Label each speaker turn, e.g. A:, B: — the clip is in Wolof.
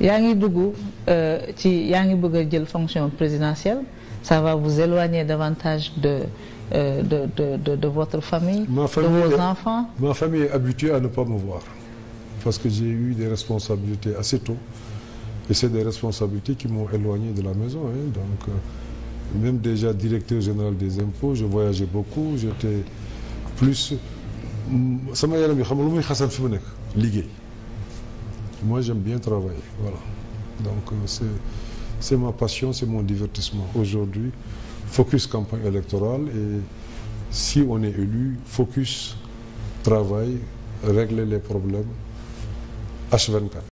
A: yaa ngi dugg euh, ci yaa ngi bëgg a jël fonction présidentielle ça va vous éloigner davantage de euh, de de de de votre famille. ma famille de vos enfants.
B: ma famille est habituée à ne pas me voir parce que j'ai eu des responsabilités assez tôt et c'est des responsabilités qui m'ont éloigné de la maison donc euh, même déjà directeur général des impôts je voyageais beaucoup j'étais plus sama yaram bi xam nga lu muy xasan fi mu nekk liggéey. moi j'aime bien travailler voilà donc euh, c'est c'est ma passion c'est mon divertissement aujourd'hui focus campagne électorale et si on est élu focus travail régler les problèmes H24